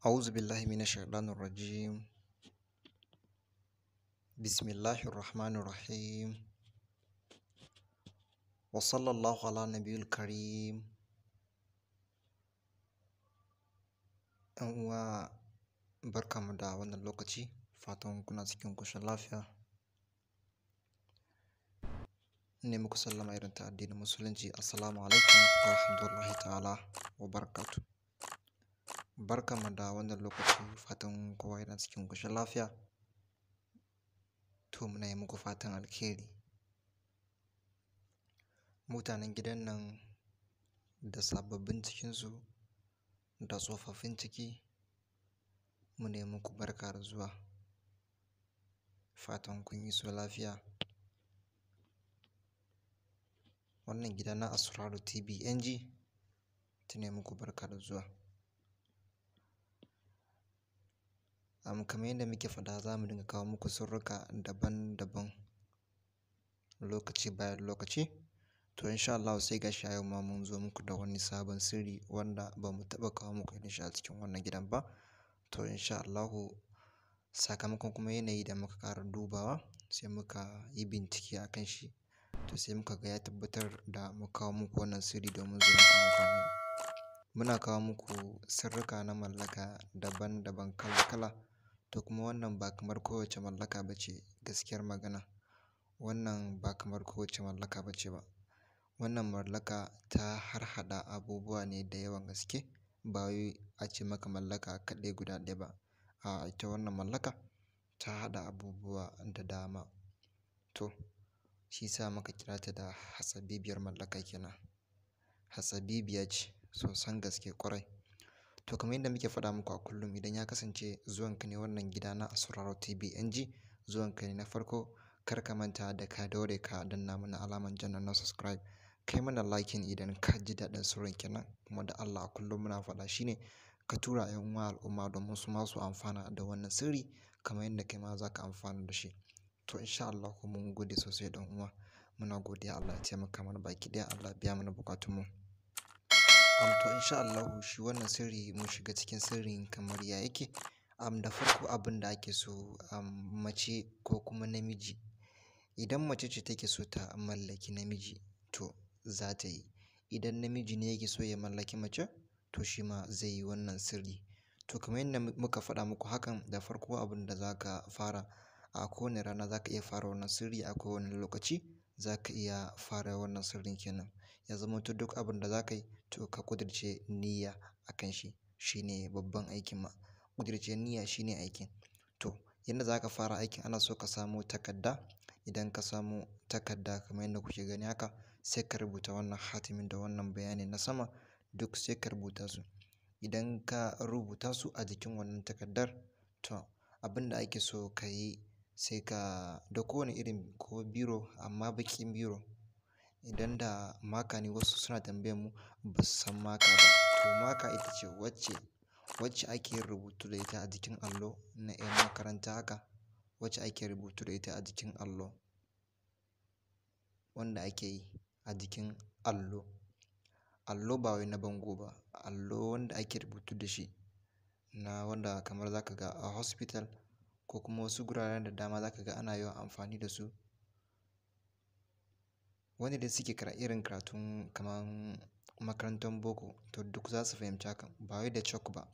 أعوذ بالله من الشيطان الرجيم بسم الله الرحمن الرحيم وصلى الله على النبي الكريم و بركة مدى وانا لوكتي فاتون كنا سكين كوشا لافيا نمو كسلام ايرن تعدين مسلنجي السلام عليكم ورحمة الله تعالى وبركاته Barka mu da wannan lokaci, fatan kowa yana cikin ƙoshin lafiya. To muna yi muku fatan alheri. Mutanen gidan nan da sababbin cikinsu da tsofaffin ciki muna yi muku barka da zuwa. Fatan kun yi iso lafiya. Wannan gida na Asraru TV NG, muna yi muku barka da zuwa. Am kamar yadda muke faɗa za mu dinga kawo muku sirrika daban daban lokaci bayan lokaci. To insha Allah sai gashi a yau ma mun zo muku da wani sabon sirri wanda ba mu taɓa kawo muku irin shi a cikin wannan gidan ba. To insha Allah sakamakon kuma yanayi da muka ƙara dubawa sai muka yi bincike a kan shi. To sai muka ga ya tabbatar da mu kawo muku wannan sirri domin zuwa muku amfani. Muna kawo muku sirrika na mallaka daban daban kala kala To kuma wannan ba kamar kowace mallaka ba ce gaskiyar magana. Wannan ba kamar kowace mallaka ba ce ba. Wannan mallaka ta harhaɗa abubuwa ne da yawan gaske. Ba wai a ce maka mallaka kaɗai guda ɗaya ba. A'a, ita wannan mallaka ta haɗa abubuwa da dama. To, shi ya sa muka kira ta da hatsabibiyar mallaka kenan. Hatsabibiya ce sosan gaske ƙwarai. To kamar yadda muke faɗa muku a kullum idan ya kasance zuwanka ne wannan gida na Sauraro TV NG zuwanka ne na farko kar ka manta da ka daure ka danna mana alamar jan na subscribe kai mana liking idan ka ji daɗin sauran kenan kuma da Allah a kullum muna faɗa shine ka tura ƴan uwa al'umma domin su ma amfana da wannan sirri kamar yadda kai ma za ka amfana da shi. To insha Allah mun gode sosai don uwa muna godiya Allah ya taimaka mana baki ɗaya Allah biya mana buƙatunmu. Am to in sha shi wannan sirri mun shiga cikin sirrin kamar ya yake. Am da farko abin da ake so am mace ko kuma namiji idan mace ce take so ta mallaki namiji to za ta yi. Idan namiji ne yake so ya mallaki mace to shi ma zai yi wannan sirri. To kamar yadda muka faɗa muku hakan da farko abin da za ka fara a kowane rana za ka iya fara wannan sirri a kowane lokaci za ka iya fara wannan sirrin kenan. ya zamanto duk abin da za ka yi to ka ƙudirce niyya a kan shi shi ne babban aikin ma ƙudirce niyya shi ne aikin to yanda za ka fara aikin ana so ka samo takarda idan ka samo takarda kamar yadda kuke gani haka sai ka rubuta wannan hatimin da wannan bayani na sama duk sai ka rubuta su idan ka rubuta su a jikin wannan takardar to abin da ake so ka yi sai ka da kowane irin ko biro amma baƙin biro Idan da maka ne wasu suna tambayan mu ba su san maka ba. To maka ita ce wacce, wacce ake yin rubutu da ita a jikin allo na ƴan makaranta haka. Wacce ake rubutu da ita a jikin allo. Wanda ake yi a jikin allo. Allo ba wai na bango ba. Allo wanda ake rubutu da shi. Na wanda kamar za ka ga a hospital ko kuma wasu guraren da dama za ka ga ana yawan amfani da su wanda da suke kara irin karatun kamar makarantar boko to duk za su fahimci hakan ba wai da chalk ba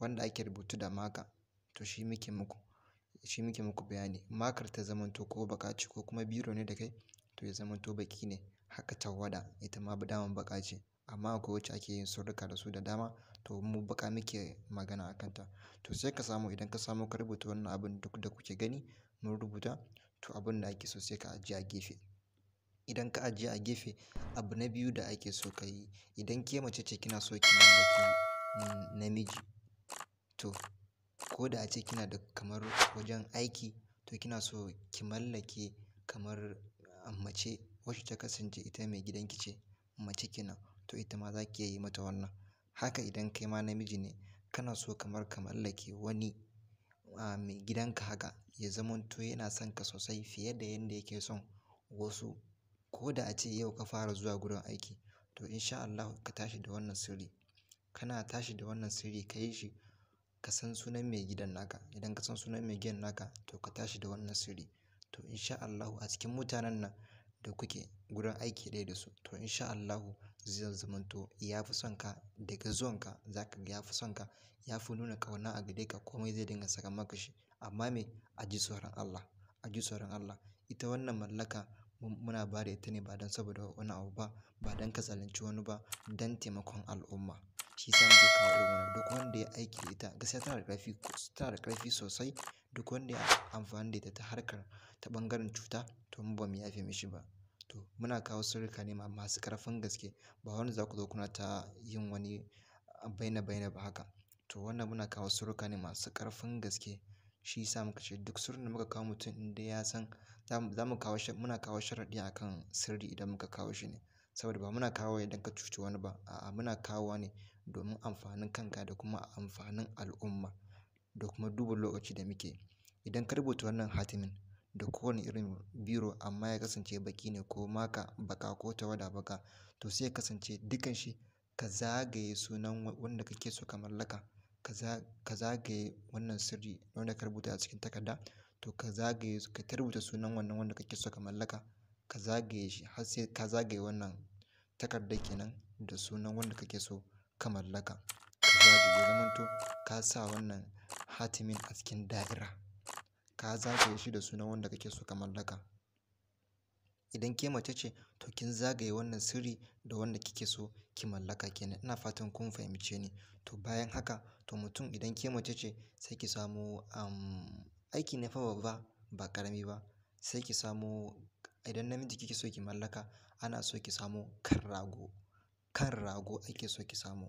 wanda ake rubutu da maka to shi muke muku muke muku bayani makar ta zamanto ko bakaci ko kuma biro ne da kai to ya zamanto baki ne haka tawada ita ma daman baƙa ce amma akwai wacce ake yin surruka da su da dama to mu baka muke magana a kanta to sai ka samu idan ka samu ka rubuta wannan abin duk da kuke gani mun rubuta to abin da ake so sai ka ajiye a gefe idan ka ajiye a gefe abu na biyu da ake so ka yi idan ke mace ce kina so ki mallaki mm, namiji to ko da ace kina da kamar wajen aiki to kina so ki mallake kamar ah, mace wacce ta kasance ita mai gidanki ce mace kenan to ita ma za ki iya yi mata wannan haka idan kai ma namiji ne kana so kamar ka mallake wani a ah, mai gidanka haka ya zamanto yana son ka sosai fiye da yanda yake son wasu ko da a ce yau ka fara zuwa gurin aiki to in sha ka tashi da wannan sirri. Kana tashi da wannan sirri ka yi shi ka san sunan mai gidan naka. Idan ka san sunan mai gidan naka to ka tashi da wannan sirri. To in sha a cikin mutanen nan da kuke gurin aiki ɗaya da su to in sha Allahu zai zamanto ya fi son ka daga zuwan ka za ka ya fi son ka, ya fi nuna ƙauna a gare ka komai zai dinga saka maka shi. Amma me? A ji tsoron Allah, a ji tsoron Allah. Ita wannan mallaka muna ba da ita ne ba don saboda wani abu ba ba don ka zalunci wani ba don taimakon al'umma shi sa muke kawo irin wannan duk wanda ya aiki da ita gaskiya tana da ƙarfi tana da ƙarfi sosai duk wanda ya amfani da ita ta harkar ta ɓangaren cuta to mu ba mu yafe mishi ba to muna kawo sirrika ne masu ƙarfin gaske ba wanda za ku zo kuna ta yin wani baina baina ba haka to wannan muna kawo sirrika ne masu ƙarfin gaske shi sa muka ce duk sirrin da muka kawo mutum inda ya san za mu kawo muna kawo sharaɗi a kan sirri idan muka kawo shi ne saboda ba muna kawo idan don ka cuci wani ba a'a muna kawowa ne domin amfanin kanka da kuma amfanin al'umma da kuma duba lokacin da muke idan ka rubuta wannan hatimin da kowane irin biro amma ya kasance baƙi ne ko maka baƙa ko tawada baƙa to sai ya kasance dukan shi ka zagaye sunan wanda kake so ka mallaka ka zagaye wannan sirri wanda ka rubuta a cikin takarda to ka zagaye su ka rubuta sunan wannan wanda kake so ka mallaka ka zagaye shi har sai ka zagaye wannan takardar kenan da sunan wanda kake so ka mallaka ka zagaye ya zamanto ka sa wannan hatimin a cikin da'ira ka zagaye shi da sunan wanda kake so ka mallaka idan ke mace ce to kin zagaye wannan sirri da wanda kike so ki mallaka kenan ina fatan kun fahimce ni to bayan haka to mutum idan ke mace ce sai ki samo um, Aiki ne fa babba ba ƙarami ba. Sai ki samo idan namiji kike so ki mallaka ana so ki samo kan rago. Kan rago ake so ki samo.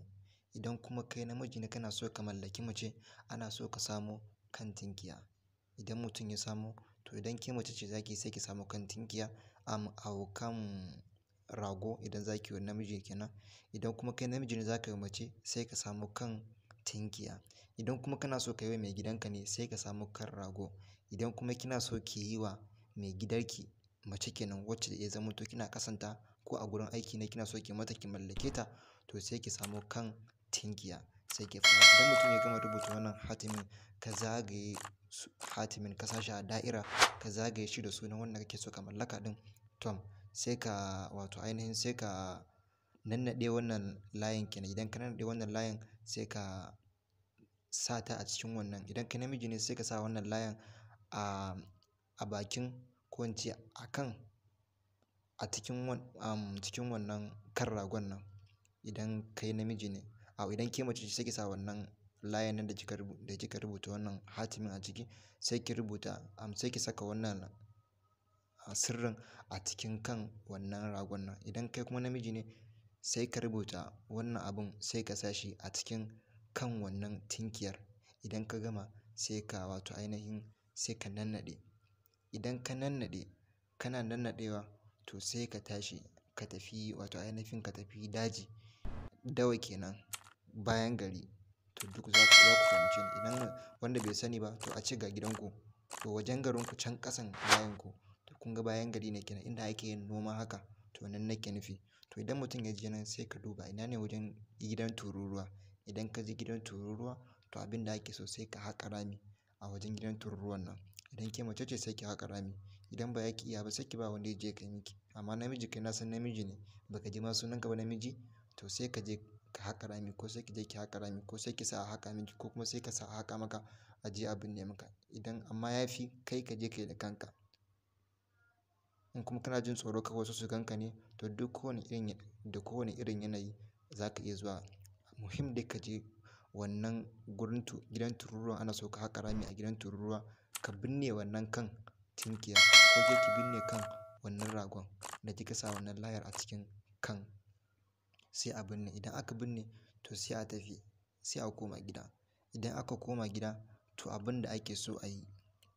Idan kuma kai namiji ne kana so ka mallaki mace ana so ka samo kan tinkiya. Idan mutum ya samo to idan ke mace ce za ki yi sai ki samo kan tinkiya am au kan rago idan za ki yi wa namiji kenan. Idan kuma kai namiji ne za yi wa mace sai ka samo kan tinkiya. Idan kuma kana so ka yi wa mai gidanka ne sai ka samu kan rago. Idan kuma kina so ki yi wa mai gidanki mace kenan wacce ya zamanto kina kasanta ko a gurin aiki ne kina so ki mata ki mallake ta to sai ki samu kan tinkiya sai ki fara. Idan mutum ya gama rubuta wannan hatimin ka zagaye hatimin ka sa a da'ira ka zagaye shi da sunan wanda kake so ka mallaka ɗin. Tom sai ka wato ainihin sai ka nannaɗe wannan layin kenan. Idan ka nannaɗe wannan layin sai ka Sata a cikin wannan. Idan kai namiji ne sai ka sa wannan layan a, a bakin ko in ce a kan a cikin um, cikin wannan kan ragon nan idan kai namiji ne. a idan ke mace ce sai ki sa wannan layan nan da kika da kika rubuta wannan hatimin a ciki sai ki rubuta, um, sai ki saka wannan sirrin a cikin kan wannan ragon nan. Idan kai kuma namiji ne sai ka rubuta wannan abun sai ka sa shi a cikin kan wannan tinkiyar. Idan ka gama sai ka wato ainihin sai ka nannaɗe. Idan ka nannaɗe kana nannaɗewa to sai ka tashi ka tafi wato ainihin ka tafi daji. Dawa kenan bayan gari to duk za ku za ku ni. Idan wanda bai sani ba to a ci ga gidanku to wajen garinku can ƙasan ku to kun ga bayan gari ne kenan inda ake yin noma haka to nan nake nufi. To idan mutum ya ji nan sai ka duba ina ne wajen gidan tururuwa. Idan ka je gidan tururuwa to abin da ake so sai ka haƙa rami a wajen gidan tururuwan nan. Idan ke mace ce sai ki haƙa rami. Idan ba za ki iya ba sai ki ba wanda ya je ya kai miki. Amma namiji kai na san namiji ne. Ba ka ji ma ka ba namiji to sai ka je ka haƙa rami ko sai ki je ki haƙa rami ko sai ki sa a haƙa miki ko kuma sai ka sa a haƙa maka a je a binne maka. Idan amma ya fi kai ka je ka yi da kanka. In kuma kana jin tsoro kar wasu su ganka ne to duk kowane irin da kowane irin yanayi za ka iya zuwa. muhim dai ka je wannan gurin tu gidan tururuwan ana so ka haƙa rami a gidan tururuwa ka binne wannan kan tinkiya ko ke ki binne kan wannan ragon da kika sa wannan layar a cikin kan sai a binne idan aka binne to sai a tafi sai a koma gida idan aka koma gida to abin da ake so a yi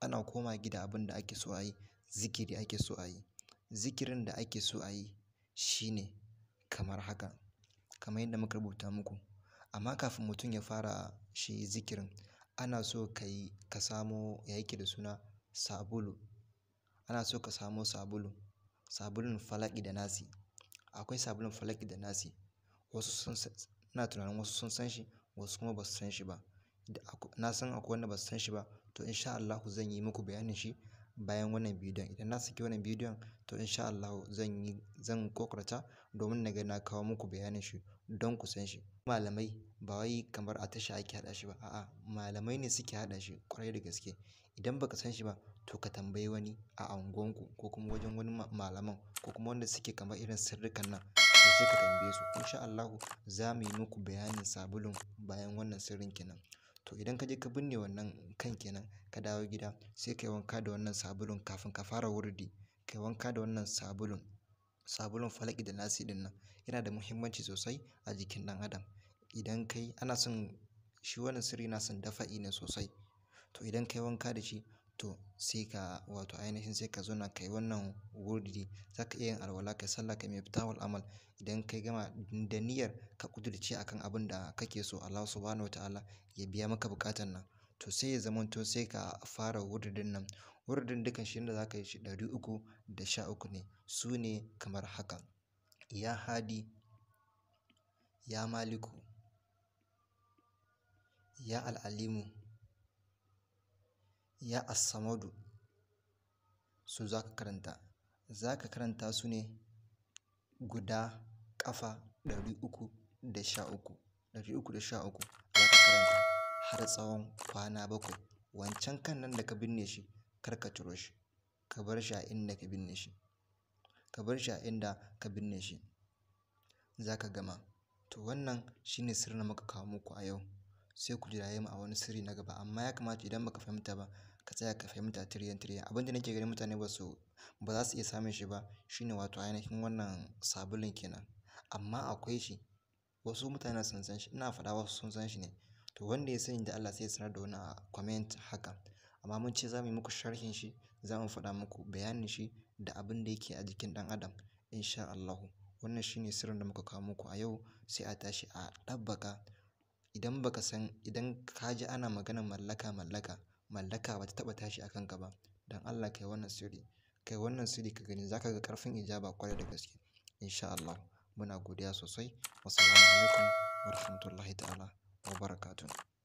ana koma gida abin da ake so a yi zikiri ake so a yi zikirin da ake so a yi shi ne kamar haka kamar yadda muka rubuta muku Amma kafin mutum ya fara shi zikirin ana so ka yi ka samo ya yake da suna sabulu. Ana so ka samo sabulu, sabulun Falaki da Nasi. Akwai sabulun Falaki da Nasi. Wasu sun san, tunanin wasu sun san shi wasu kuma ba su san shi ba. Na san akwai wanda ba su san shi ba to in sha Allahu zan yi muku bayanin shi bayan wannan bidiyon. Idan na saki wannan bidiyon to in sha Allahu zan yi, zan kokarta domin na ga na kawo muku bayanin shi. don ku san shi. Malamai ba wai kamar a tasha ake haɗa shi ba a'a malamai ne suke haɗa shi ƙwarai da gaske. Idan baka san shi ba to ka tambayi wani a unguwanku ko kuma wajen wani malaman ko kuma wanda suke kamar irin sirrikan nan to sai ka tambaye su. In sha Allahu za mu yi muku bayanin sabulun bayan wannan sirrin kenan? To idan ka je ka binne wannan kan kenan, ka dawo gida sai ka wanka da wannan sabulun kafin ka fara wurdi Ka wanka da wannan sabulun. sabulun falaki da nasi ɗin nan yana da muhimmanci sosai a jikin ɗan adam idan kai ana son shi wani sirri na son dafa'i ne sosai to idan kai wanka da shi to sai ka wato ainihin sai ka na kai wannan wurdi za ka iya yin alwala kai sallah kai mai amal idan kai gama da niyyar ka kudurce akan abin da kake so Allah subhanahu ta'ala ya biya maka bukatan nan to sai ya zamanto sai ka fara wurdin nan Wurin dukan shi da za ka yi shi ɗari uku da sha uku ne su ne kamar haka ya hadi ya maliku ya al'alimu ya Asamadu, su za ka karanta za ka karanta su ne guda ƙafa ɗari uku da sha uku ɗari uku da sha uku za ka karanta har tsawon kwana bakwai wancan kan nan da ka binne shi kar ka ciro shi ka bar shi a inda ka binne shi ka bar shi a inda ka binne shi za ka gama to wannan shine sirrin da muka kawo muku a yau sai ku jiraye mu a wani sirri na gaba amma ya kamata idan baka fahimta ba ka tsaya ka fahimta tiriyan tiriyan abin da nake ganin mutane ba su ba za su iya samun shi ba shine wato ainihin wannan sabulun kenan amma akwai shi wasu mutane sun san shi ina faɗa wasu sun san shi ne to wanda ya sani da Allah sai ya sanar da wani a comment haka Amma mun ce za mu yi muku sharhin shi, za mu faɗa muku bayanin shi da abin da yake a jikin ɗan adam insha Allah Wannan shine sirrin da muka kawo muku a yau sai a tashi a ɗabbaka. Idan kaji san, idan ka ji ana magana mallaka mallaka, mallaka ba ta taɓa tashi a kanka ba. Don Allah kai wannan sirri. Ka wannan sirri ka gani za ka ga ƙarfin ijaba kwarai da gaske insha Allah Muna godiya sosai. Wassalamu alaikum warahmatullahi ta'ala wa wabarakatuh.